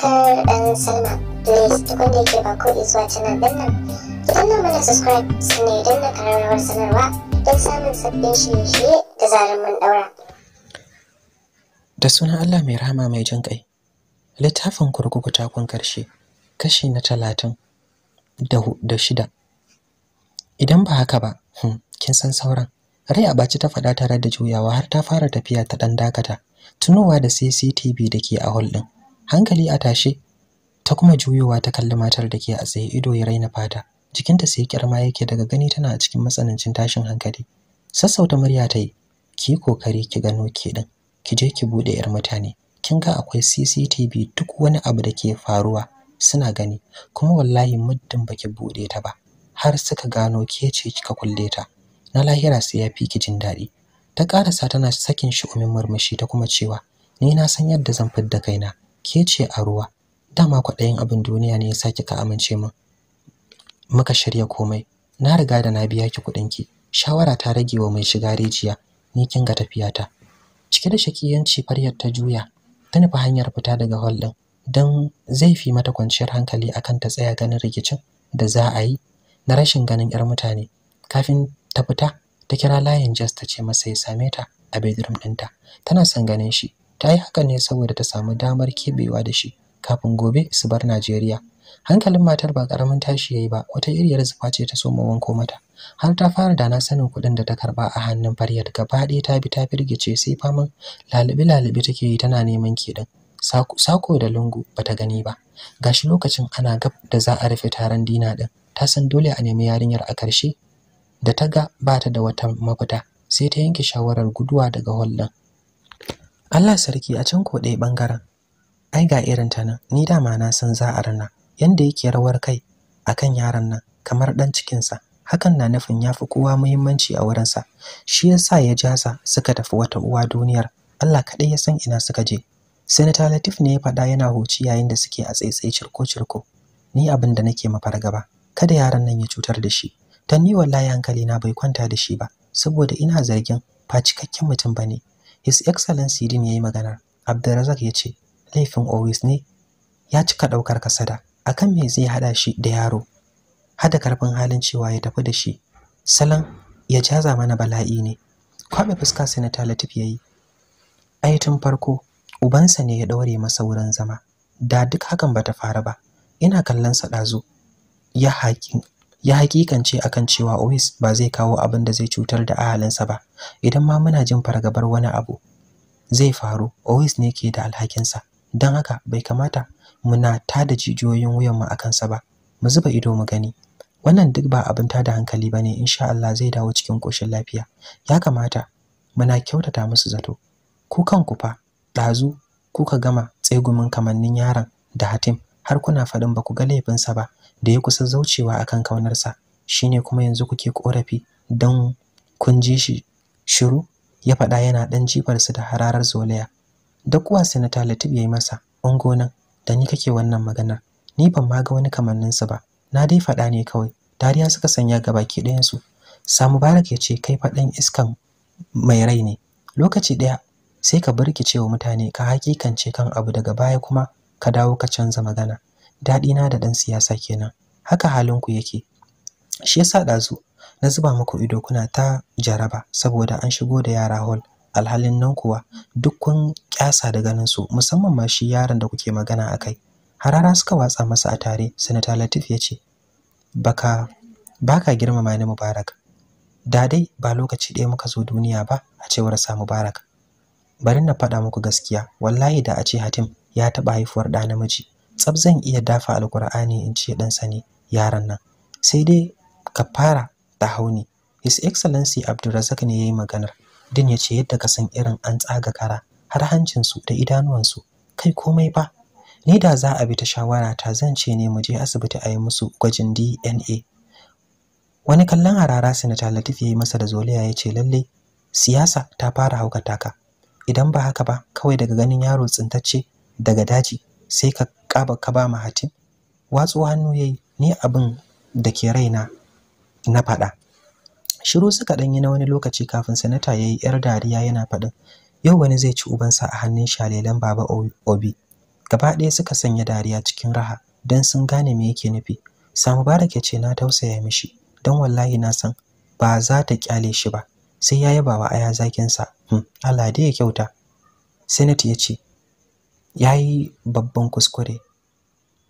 subscribe and sign up. Please ke ba ko subscribe sanarwa don samun da sunan Allah mai rahama mai jin kai. Littafin kurkuku takon karshe kashi na talatin da shida. Idan ba haka ba, hmm, kin san sauran. Rai a baci ta faɗa tare da juyawa har ta fara tafiya ta ɗan dakata. Tunowa da CCTV da ke a hol ɗin. hankali a tashe ta kuma juyowa ta kalli matar da ke a tsaye ido ya raina fata jikinta sai kirma yake daga gani tana a cikin matsanancin tashin hankali sassauta murya ta yi ki kokari ki gano ke din ki je ki bude yar mutane kin ga akwai CCTV duk wani abu da ke faruwa suna gani kuma wallahi muddin baki bude ta ba har suka gano ke ce kika kulle ta na lahira sai ya fi ki jin daɗi ta ƙarasa tana sakin shi umin murmushi ta kuma cewa ni na san yadda zan fidda kaina kece a ruwa dama kwaɗayin abin duniya ne ya yasa ka amince min muka shirya komai na riga da na biya ki kuɗin ki shawara ta rage wa mai shiga rijiya ni kin ga tafiyata cike da shakiyanci faryar ta juya ta nufi hanyar fita daga hall din don zai fi mata kwanciyar hankali akan ta tsaya ganin rikicin da za a yi na rashin ganin 'yar mutane kafin ta fita ta kira layin jas ta ce masa ya same ta a bedroom ɗinta tana son ganin shi ta yi haka ne saboda ta samu damar keɓewa da shi kafin gobe su bar Najeriya. Hankalin matar ba ƙaramin tashi ya yi ba, wata iriyar zufa ce ta soma wanko mata. Har ta fara dana sanin kuɗin da ta karɓa a hannun Faryar gaba ɗaya ta bi ta firgice sai faman lalube-lalube take yi tana neman kiɗin. Sako da lungu bata gani ba. Gashi lokacin ana gab da za a rufe taron dina ɗin, ta san dole a nemi yarinyar a ƙarshe. Da ta ga bata da wata mafita, sai ta yanke shawarar guduwa daga hall Allah sarki a can ko ɗaya ɓangaren. Ai ga irin ta nan, ni dama na san za a rana, yanda yake rawar kai a kan yaron nan kamar ɗan cikinsa. Hakan na nufin ya fi kowa muhimmanci a wurinsa, shi ya sa ya sa suka tafi wata uwa duniyar. Allah kaɗai ya san ina suka je. Senator Latif ne ya faɗa yana hoci yayin da suke a tsaitsaye cirko-cirko. Ni abin da nake mafargaba, kada yaran nan ya cutar da shi. Ta ni wallahi hankali na bai kwanta da shi ba, saboda ina zargin ba cikakken mutum ba ne. His Excellency Din ya yi maganar. Abdulrazak ya ce, laifin always ne ya cika ɗaukar kasada. Akan me zai haɗa shi da yaro? Hada karfin halin cewa ya tafi da shi. Salon ya jaza mana bala'i ne. Kwame fuska Senator Latif yayi. yi. Ai tun farko, ubansa ne ya daure masa wurin zama. Da duk hakan bata faru ba. Ina kallon sa ɗazu. Ya haƙi ya hakikance akan cewa Uwais ba zai kawo abin da zai cutar da ahalinsa ba idan ma muna jin fargabar wani abu zai faru Uwais ne ke da alhakinsa don haka bai kamata muna tada jijiyoyin wuyan mu akan sa ba mu zuba ido mu gani wannan duk ba abin tada hankali bane insha Allah zai dawo cikin koshin lafiya ya kamata muna kyautata musu zato ku kanku fa dazu kuka gama tsegumin kamannin yaron da Hatim har kuna faɗin ba ku ga laifinsa ba da ya kusa zaucewa akan kaunarsa shine kuma yanzu kuke korafi don kun ji shi shiru ya faɗa yana ɗan su da hararar zolaya Duk kuwa sanata latif ya yi masa ungonan da ni kake wannan maganar ni ban ma ga wani kamanninsa ba na dai faɗa ne kawai dariya suka sanya ga baki ɗayansu sa mubarak ya ce kai faɗan iskan mai rai ne lokaci ɗaya sai ka birkice wa mutane ka hakikance kan abu daga baya kuma ka dawo ka canza magana daɗi na da ɗan siyasa kenan haka halin ku yake shi yasa ɗazu na zuba muku ido kuna ta jaraba saboda an shigo da yara hall alhalin nan kuwa duk kun kyasa da ganin su musamman ma shi yaron da kuke magana akai harara suka watsa masa a tare sanata latif ya ce baka baka girmama ni mubarak da dai ba lokaci ɗaya muka zo duniya ba a cewar sa mubarak bari na faɗa muku gaskiya wallahi da a ce hatim ya taɓa haifuwar ɗa namiji tsab zan iya dafa alkur'ani in ce ɗan sani yaron nan sai dai ka fara ta hauni his excellency abdulrazak ne ya yi maganar din ya ce yadda ka san irin an tsaga kara har hancinsu da idanuwansu kai komai ba ni da za a bi ta shawara ta zan ce ne mu je asibiti a yi musu gwajin dna wani kallon harara sanata latif ya yi masa da zoliya ya ce lalle siyasa ta fara haukata ka idan ba haka ba kawai daga ganin yaro tsintacce daga daji sai ka kaba ka ba mahatin. watsu hannu yayi ni abin da ke raina na faɗa shiru suka ɗanyi na wani lokaci kafin sanata yayi yar dariya yana faɗin yau wani zai ci ubansa a hannun shalelan baba obi gaba ɗaya suka sanya dariya cikin raha don sun gane me yake nufi samu baraka ce na tausaya mishi don wallahi na san ba za ta kyale shi ba sai ya yaba wa aya zakin sa hmm Allah dai ya kyauta sanata ya ce ya yi babban kuskure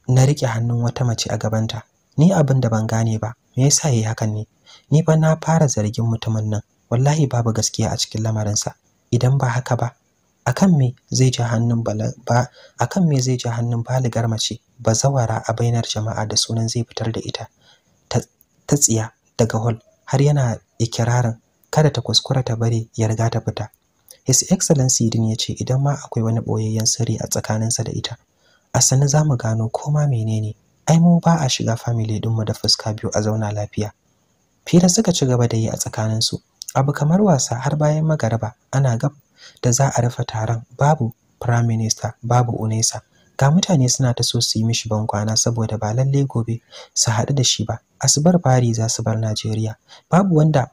na rike hannun wata mace a gabanta ni abin da ban gane ba me yasa yi hakan ne ni fa na fara zargin mutumin nan wallahi babu gaskiya a cikin lamarinsa idan ba haka ba akan me zai ji hannun ba akan me zai ji hannun baligar mace bazawara a bainar jama'a da sunan zai fitar da ita ta tsiya daga hall har yana ikirarin kada ta kuskura ta bari ya riga ta fita His Excellency din ya ce idan ma akwai wani ɓoyayyen sirri a tsakaninsa da ita, a sani za mu gano koma menene. Ai mu ba a shiga family ɗinmu da fuska biyu a zauna lafiya. Fira suka ci gaba da yi a tsakaninsu. Abu kamar wasa har bayan magaraba ana gab da za a rufe taron babu Prime Minister babu Unesa. Ga mutane suna ta so su yi mishi bankwana saboda ba lallai gobe su haɗu da shi ba. asubar fari za su bar Najeriya. Babu wanda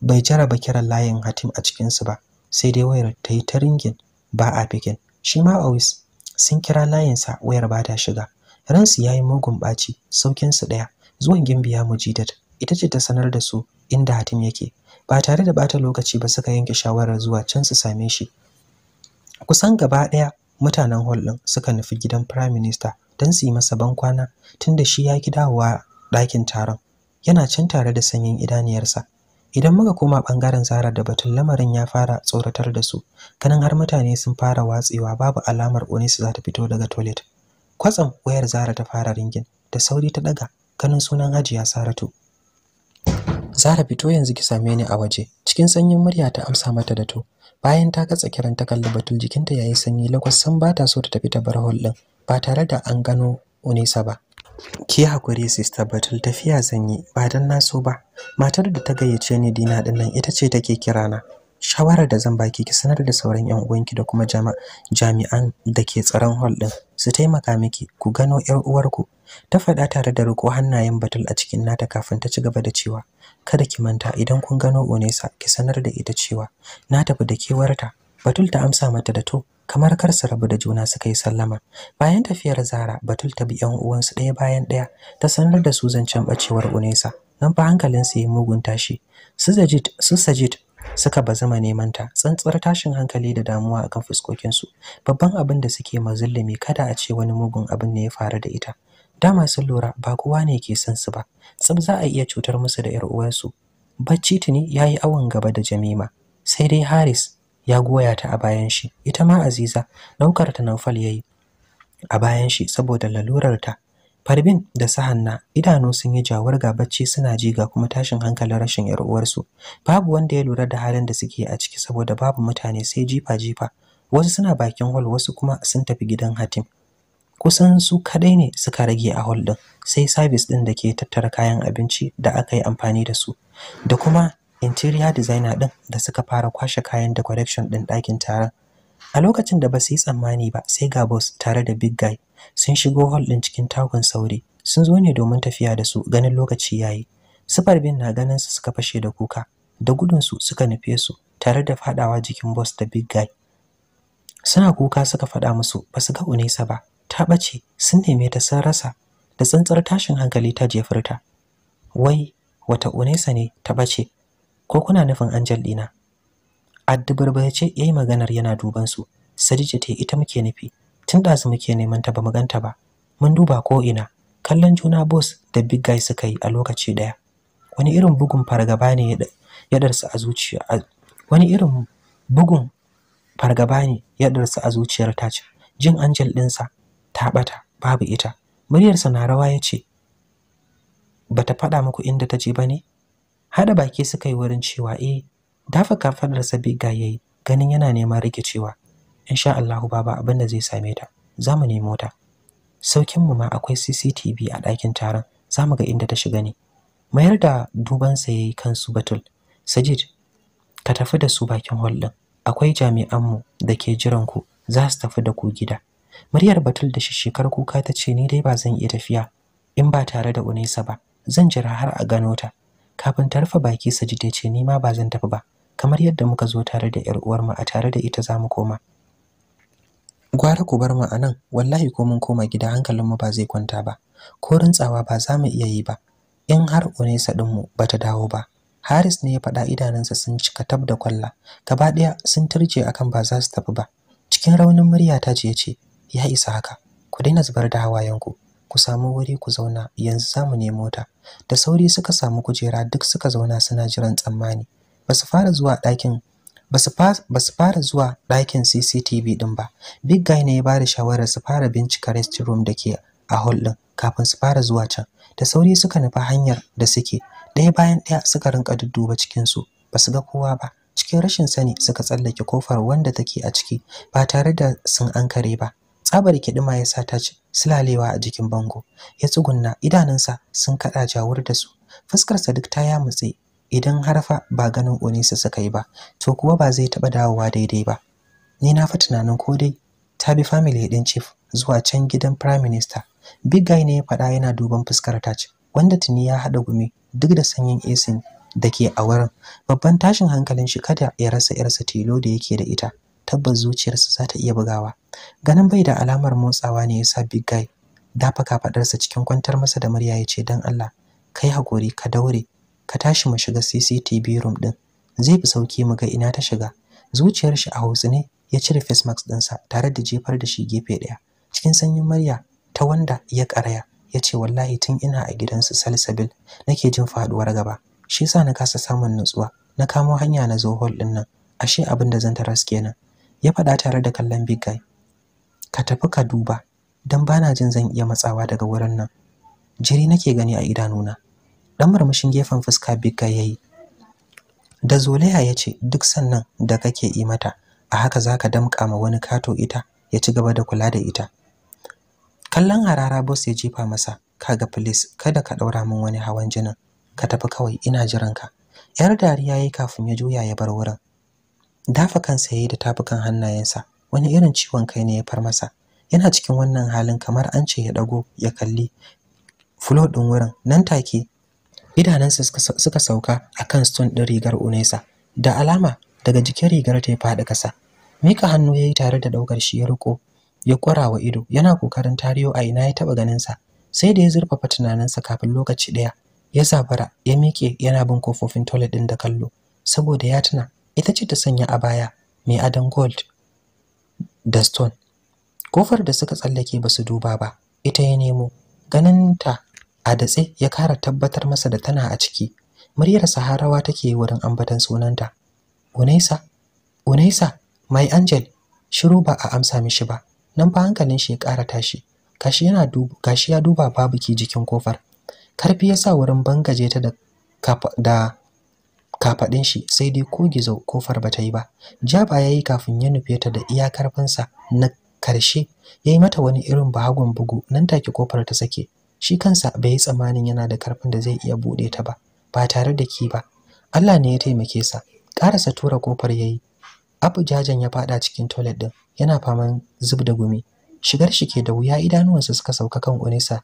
bai jaraba kiran layin Hatim a cikinsu ba. sai dai wayar ta yi ta ringin ba a bikin shi ma awis sun kira layinsa wayar ba ta shiga ransu ya yi mugun ɓaci saukinsu ɗaya zuwan gimbiya mujidat ita ce ta sanar da su inda hatim yake ba tare da bata lokaci ba suka yanke shawarar zuwa can su same shi kusan gaba ɗaya mutanen hall ɗin suka nufi gidan prime minister don su yi masa bankwana tunda shi ya ki dawowa ɗakin taron yana can tare da sanyin idaniyarsa idan muka koma bangaren zara da batun lamarin ya fara tsoratar da su ganin har mutane sun fara watsewa babu alamar onis za ta fito daga toilet kwatsam wayar zara ta fara ringin da sauri ta daga ganin sunan ajiya saratu zara fito yanzu ki same ni a waje cikin sanyin murya ta amsa mata da to bayan ta katsa kiran ta kalli batun jikinta yayi sanyi lakwas san ba ta so ta tafi ta bar hol din ba tare da an gano onisa ba ki hakuri sista batul tafiya zan yi ba dan na so ba matar da ta gayyace ni dina din nan ita ce take kira na Shawara da zan baki ki sanar da sauran yan uwanki da kuma jami'an da ke tsaron hall din su taimaka miki ku gano yar uwarku ta faɗa tare da riko hannayen batul a cikin nata kafin ta ci gaba da cewa kada ki manta idan kun gano onesa ki sanar da ita cewa na tafi da kewarta batul ta amsa mata da to kamar kar su rabu da juna suka yi sallama bayan tafiyar Zara Batul ta bi 'yan uwansu ɗaya bayan ɗaya ta sanar da su zancen bacewar Unesa nan fa hankalin su yi mugun tashi su Sajid su ba suka neman ta tsantsar tashin hankali da damuwa akan fuskokin su babban abin da suke mazullumi kada a ce wani mugun abin ne ya faru da ita dama sun lura ba kowa ne ke son su ba tsab za a iya cutar musu da 'yar uwansu bacci tuni ya yi awon gaba da Jamima sai dai Haris ya goya ta a bayan shi ita ma aziza daukar ta naufal yayi a bayan shi saboda lalurar ta, farbin da sahanna idanu sun yi jawar ga bacci suna ji ga kuma tashin hankalin rashin yar uwarsu babu wanda ya lura da halin da suke a ciki saboda babu mutane sai jifa jifa wasu suna bakin hall wasu kuma sun tafi gidan hatim kusan su kadai ne suka rage a hall din sai service din da ke tattara kayan abinci da aka yi amfani da su da kuma interior designer din da suka fara kwashe kayan decoration din ɗakin taron a lokacin da ba su yi tsammani ba sai ga boss tare da big guy sun shigo hall din cikin takun sauri sun zo ne domin tafiya da su ganin lokaci yayi Super bin na ganin su suka fashe da kuka da gudun su suka nufe su tare da fadawa jikin boss da big guy suna kuka suka fada musu ba su ga Unesa ba ta ɓace sun neme ta sun rasa da tsantsar tashin hankali ta jefurta wai wata Unesa ne ta ɓace? ko kuna nufin angel ɗina addubarbace ya yi maganar yana duban su sadija ta ita muke nufi tun ɗazu muke neman ta ba mu ganta ba mun duba ko ina kallon juna boss da big guy suka yi a lokaci ɗaya wani irin bugun fargaba ne ya darsa a zuciya wani irin bugun fargaba ne ya darsa a zuciyar tace jin angel ɗinsa ta ɓata babu ita muryarsa na rawa ya ce bata faɗa muku inda ta je ba ne Haɗa baki suka yi wurin cewa eh, dafa kafadar sabi ya yi ganin yana neman rike cewa Insha Allahu baba abin da zai same ta, za mu nemo ta. saukin mu ma akwai CCTV a ɗakin taron, za mu ga inda ta shiga ne. Mayar da dubansa ya yi su batul. Sajid, ka tafi da su bakin hall ɗin. Akwai jami'anmu da ke jiran ku, za su tafi da ku gida. Muryar Batul da shi shishikar kuka ta ce ni dai ba zan iya tafiya in ba tare da Unesa ba. Zan jira har a gano ta. kafin ta rufe baki sa ji ce ni ma ba zan tafi ba kamar yadda muka zo tare da yar mu a tare da ita zamu koma gwara ku bar mu a nan wallahi ko mun koma gida hankalin mu ba zai kwanta ba ko rintsawa ba za mu iya yi ba in har unesa ɗinmu ba ta dawo ba haris ne ya faɗa idanunsa sun cika tab da kwalla gaba ɗaya sun turje akan ba za su tafi ba cikin raunin murya ta ya ce ya isa haka ku daina zubar da hawayenku ku samu wuri ku zauna yanzu za mu nemo ta da sauri suka samu kujera duk suka zauna suna jiran tsammani basu fara zuwa ɗakin basu fara zuwa ɗakin CCTV ɗin ba. Big Guy ne ya ba da shawarar su fara bincika restroom da ke a hall ɗin kafin su fara zuwa can. Da sauri suka nufi hanyar da suke, ɗaya bayan ɗaya suka rinka dudduba cikin su basu ga kowa ba. Cikin rashin sani suka tsallake kofar wanda take a ciki ba tare da sun ankare ba. tsabar kiɗima ya sa ta ci silalewa a jikin bango ya tsugunna idanunsa sun kaɗa jawur da su fuskarsa duk ta ya mutse idan harfa ba ganin onisa suka yi ba to kuwa ba zai taɓa dawowa daidai ba ni na fa tunanin ko dai ta bi family din chief zuwa can gidan prime minister big guy ne ya faɗa yana duban fuskar ta ci wanda tuni ya haɗa gumi duk da sanyin AC da ke a wurin babban tashin hankalin shi kada ya rasa yarsa tilo da yake da ita tabbas zuciyarsa za ta iya bugawa ganin bai da alamar motsawa ne yasa big guy dafa kafadarsa cikin kwantar masa da murya ya ce don Allah kai haƙuri, ka daure ka tashi mu shiga CCTV room din zai fi sauki mu ga ina ta shiga zuciyar shi a hausa ne ya cire face mask dinsa tare da jefar da shi gefe ɗaya. cikin sanyin murya ta wanda ya karaya ya ce wallahi tun ina a gidansu salsabil nake jin faɗuwar gaba shi yasa na kasa samun nutsuwa na kamo hanya na zo hall ɗin nan ashe abin da zan taras kenan ya faɗa tare da kallon big guy ka tafi ka duba don bana jin zan iya matsawa daga wurin nan jiri nake gani a idanuna Ɗan murmushin gefen fuska big guy yi. da zolaya ya ce duk sannan da kake yi mata a haka za ka damƙa ma wani kato ita ya ci gaba da kula da ita kallon harara boss ya jefa masa kaga please kada ka ɗaura min wani hawan jinin ka tafi kawai ina jiranka. yar dariya yi kafin ya juya ya bar wurin dafa kansa yayi da tafukan hannayensa wani irin ciwon kai ne ya far masa yana cikin wannan halin kamar an ce ya dago ya kalli flo din wurin nan take idanansa suka sauka akan stone din rigar Unesa da alama daga jikin rigar ta ya faɗi kasa mika hannu yayi tare da daukar shi ya riko ya wa ido yana kokarin tariyo a ina ya taba ganin sa sai da ya zurfafa tunaninsa kafin lokaci daya ya zabara ya mike yana bin kofofin toilet din da kallo saboda ya tuna ita ce ta sanya a baya, mai Adam gold da stone kofar da suka tsallake ba su duba ba ita ya nemo ganinta a datse ya kara tabbatar masa da tana a ciki muryar saharawa take wurin ambatan sunanta unaisa unaisa mai angel shiru ba a amsa mishi ba nan fa hankalin shi ya kara tashi gashi ya duba babu ki jikin kofar karfi ya sa wurin bangaje ta da da kafaɗin shi sai dai ko gizo kofar bata yi ba jaba yayi kafin ya nufe ta da iya karfinsa na karshe yayi mata wani irin bahagon bugu nan take kofar ta sake shi kansa bai yi tsamanin yana da karfin da zai iya bude ta ba ba tare da ki ba Allah ne ya taimake sa karasa tura kofar yayi abu jajan ya fada cikin toilet din yana faman zub da gumi shigar shi ke da wuya idanuwansa suka sauka kan unisa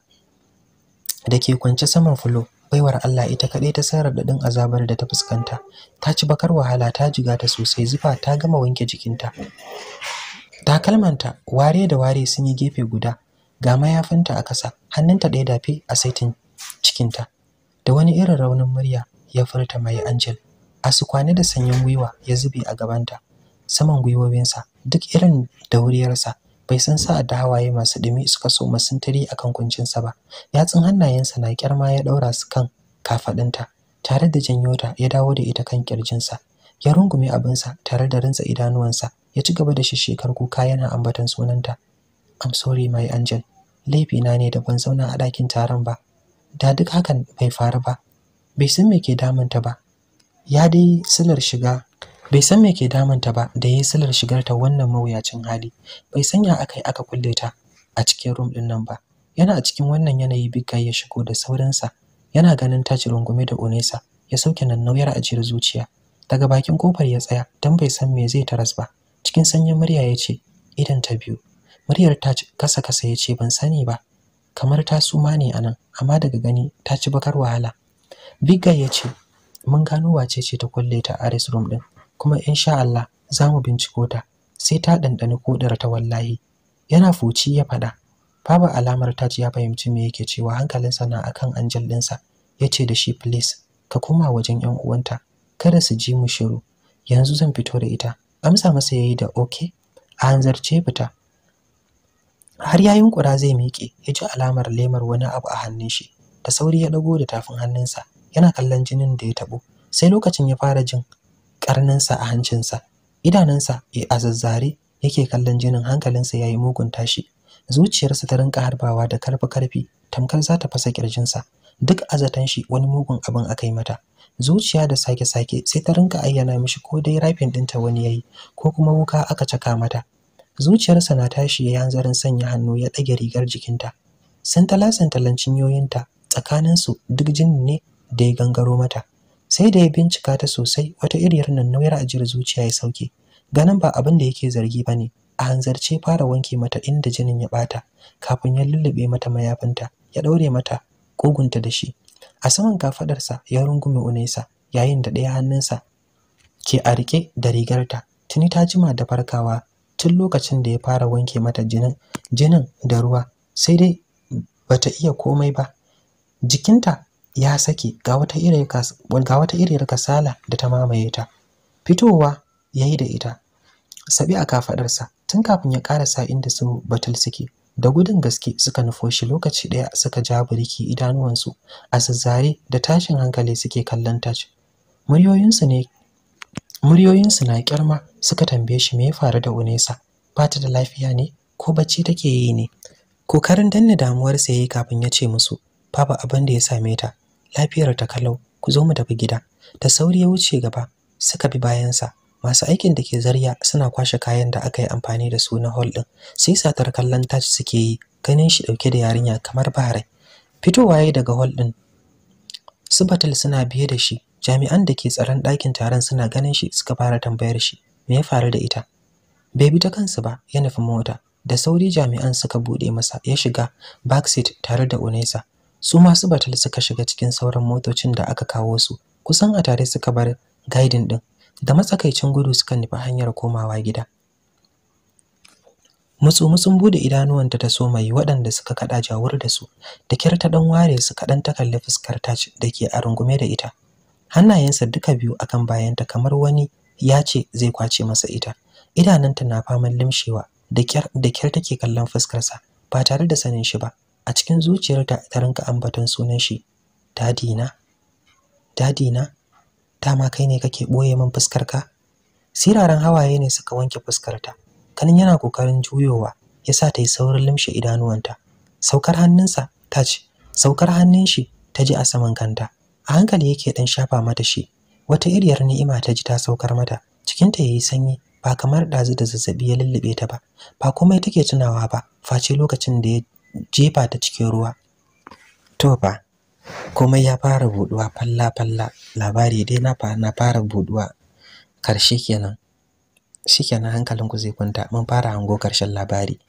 da ke kwance saman fulo baiwar Allah ita kaɗai ta san raɗaɗin azabar da ta fuskanta ta ci bakar wahala ta jiga ta sosai zufa ta gama wanke jikinta takalmanta ware da ware sun yi gefe guda ga mayafinta a ƙasa hannunta ɗaya dafe a saitin cikinta da wani irin raunin murya ya furta mai angel a su kwane da sanyin gwiwa ya zube a gabanta saman gwiwowinsa duk irin dauriyarsa bai san sa da hawaye masu dumi suka so masintiri akan kuncinsa ba yatsun hannayensa na kyarma ya daura su kan kafadinta tare da janyota, ya dawo da ita kan kirjinsa ya rungume abinsa tare da rantsa idanuwansa ya ci gaba da shishshekar kuka yana ambaton sunanta I'm sorry my angel na ne da ban zauna a ɗakin taron ba da duk hakan bai faru ba bai san me ke damunta ba ya dai silar shiga bai san me ke damunta ba da ya yi shigar ta wannan mawuyacin hali bai sanya aka yi aka kulle ta a cikin rum ɗin nan ba yana a cikin wannan yanayi bigga ya shigo da saurinsa yana ganin ta ci rungume da onesa ya sauke nan nauyar ajiyar zuciya daga bakin kofar ya tsaya dan bai san me zai taras ba cikin sanyin murya ya ce idan ta biyu muryar ta kasa kasa ya ce ban sani ba kamar ta suma ne anan amma daga gani ta ci bakar wahala bigga ya ce mun gano wace ce ta kulle ta a room din kuma insha Allah za mu binciko ta sai ta ɗanɗani ɗara ta wallahi yana foci ya faɗa babu alamar ta ya fahimci me yake cewa hankalinsa na akan anjal ɗinsa ya ce da shi please ka koma wajen yan uwanta kada su ji mu shiru yanzu zan fito da ita amsa masa ya yi da OK. a hanzarce fita har yayin kura zai miƙe ya ji alamar lemar wani abu a hannun shi da sauri ya ɗago da tafin hannunsa yana kallon jinin da ya taɓo sai lokacin ya fara jin karninsa a hancinsa idanunsa a zazzare yake kallon jinin hankalinsa ya yi mugun tashi zuciyarsa ta rinka harbawa da karfi karfi tamkar za ta fasa kirjinsa duk a zaton shi wani mugun abin aka yi mata zuciya da sake sake sai ta rinka ayyana mishi ko dai rafin dinta wani yi ko kuma wuka aka caka mata zuciyarsa na tashi ya hanzarin sanya hannu ya ɗage rigar jikinta sintala-sintalan cinyoyinta tsakaninsu duk jinin ne da ya gangaro mata sai da ya bincika ta sosai wata iriyar nan nauyar ajiyar zuciya ya sauke ganin ba abin da yake zargi ba ne a hanzarce fara wanke mata inda jinin ya bata kafin ya lullube mata mayafinta ya ɗaure mata kogunta da shi a saman kafadarsa ya rungume unesa yayin da ɗaya hannunsa ke a riƙe da rigarta tuni ta jima da farkawa tun lokacin da ya fara wanke mata jinin jinin da ruwa sai dai bata iya komai ba jikinta ya sake ga wata irin kasala da ta mamaye ta fitowa ya yi da ita sabi a kafadarsa tun kafin ya karasa inda su batul suke da gudun gaske suka nufo shi lokaci daya suka ja buriki idanuwansu a zazzare da tashin hankali suke kallon taci muryoyinsu muryoyinsu na kyarma suka tambaye shi me faru da Unesa ba ta da lafiya ne ko bacci take yi ne kokarin danne damuwarsa yayi kafin ya ce musu babu abin da ya same ta lafiyar ta kalau ku zo mu tafi gida ta sauri ya wuce gaba suka bi bayansa masu aikin da ke zarya suna kwashe kayan da aka yi amfani da su na hol' din sai satar kallon tashi suke yi ganin shi dauke da yarinya kamar bahare fitowa yayi daga hol' din su batal suna biye da shi jami'an da ke tsaron ɗakin taron suna ganin shi suka fara tambayar shi me ya faru da ita bai bi ta kansu ba ya nufi mota da sauri jami'an suka bude masa ya shiga backseat tare da Unesa su masu batal suka shiga cikin sauran motocin da aka kawo su kusan a tare suka bar gaidin din da matsakaicin gudu suka nufi hanyar komawa gida mutsu mutsun bude idanuwanta ta so mai waɗanda suka kada jawur da su da kyar ta dan ware su kaɗan ta kalli fuskar ta da ke a rungume da ita hannayensa duka biyu akan bayanta kamar wani ya ce zai kwace masa ita idanunta na faman limshewa da kyar da kyar take kallon fuskarsa ba tare da sanin shi ba a cikin zuciyarta ta rinka ambaton sunan shi dadi na dadi na dama kai ne kake boye min fuskar ka siraran hawaye ne suka wanke fuskarta. kanin yana kokarin juyowa yasa ta yi saurin limshe idanuwanta saukar hannunsa ta ce saukar hannun shi ta ji a saman kanta a hankali yake dan shafa mata shi wata iriyar ni'ima ta ji ta saukar mata cikinta yayi sanyi ba kamar ɗazu da zazzabi ya lullube ta ba ba komai take tunawa ba face lokacin da ya jefa ta cikin ruwa to fa komai ya fara buduwa falla falla labari dai na fara na fara buduwa karshe kenan shikenan hankalin ku zai kwanta mun fara hango karshen labari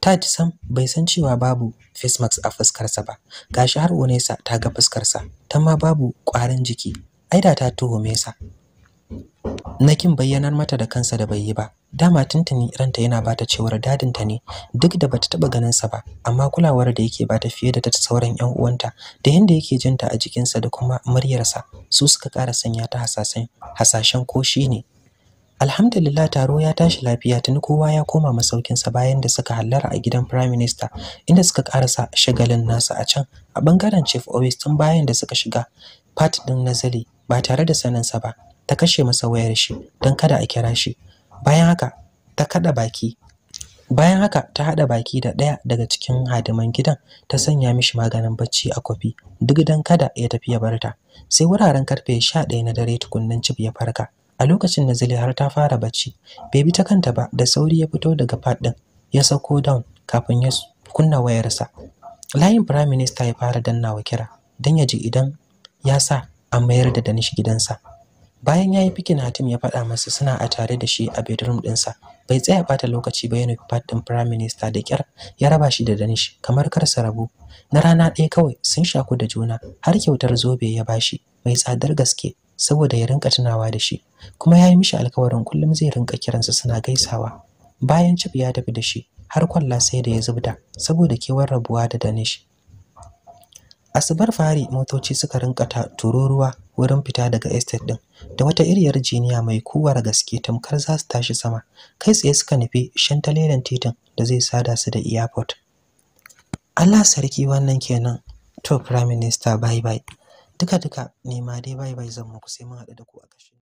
Ta ji sam bai san cewa babu face mask a fuskarsa ba gashi har Onesa ta ga fuskarsa ta ma babu ƙwarin jiki aida ta tuhume sa na kin bayyanar mata da kansa da bai yi ba dama tuntuni ranta yana ba ta cewar dadinta ne duk da bata taba ganin sa ba amma kulawar da yake bata fiye da ta sauran yan uwanta da yanda yake jinta a jikinsa da kuma muryarsa su suka ƙara sanya ta hasashen ko shi ne. Alhamdulillah taro ya tashi lafiya tuni kowa ya koma masaukinsa bayan da suka hallara a gidan Prime Minister inda suka karasa shagalin nasa a can a bangaren Chief Owis tun bayan da suka shiga part din Nazali ba tare da saninsa ba ta kashe masa wayar shi don kada a kira shi bayan haka ta kada baki bayan haka ta hada baki da daya daga cikin hadiman gidan ta sanya mishi maganin bacci a kofi duk dan kada ya tafi ya barta sai wuraren karfe 11 na dare tukunnan cib ya farka a lokacin da har ta fara bacci bai bi ta kanta ba da sauri ya fito daga pad din ya sauko down kafin ya kunna wayarsa layin prime minister ya fara dannawa kira dan ya ji idan ya sa a mayar da shi gidansa bayan ya yi fikin hatim ya faɗa masa suna a tare da shi a bedroom ɗinsa bai tsaya bata lokaci ba ya nufi fatin prime minister da kyar ya raba shi da danish kamar kar su rabu na rana ɗaya kawai sun shaku da juna har kyautar zobe ya bashi mai tsadar gaske saboda ya rinka tunawa da shi kuma ya yi mishi alkawarin kullum zai rinka kiransa suna gaisawa bayan Chip ya tafi da shi har kwalla sai da ya zubda saboda kewar rabuwa da danishi. bar fari motoci suka rinka ta tururuwa wurin fita daga estate din da wata iriyar jiniya mai kuwar gaske tamkar za su tashi sama kai tsaye suka nufi shantalelen titin da zai sada su da airport Allah sarki wannan kenan to prime minister bye bye duka duka ne ma dai bye bye zan muku sai mun haɗu da ku a kashe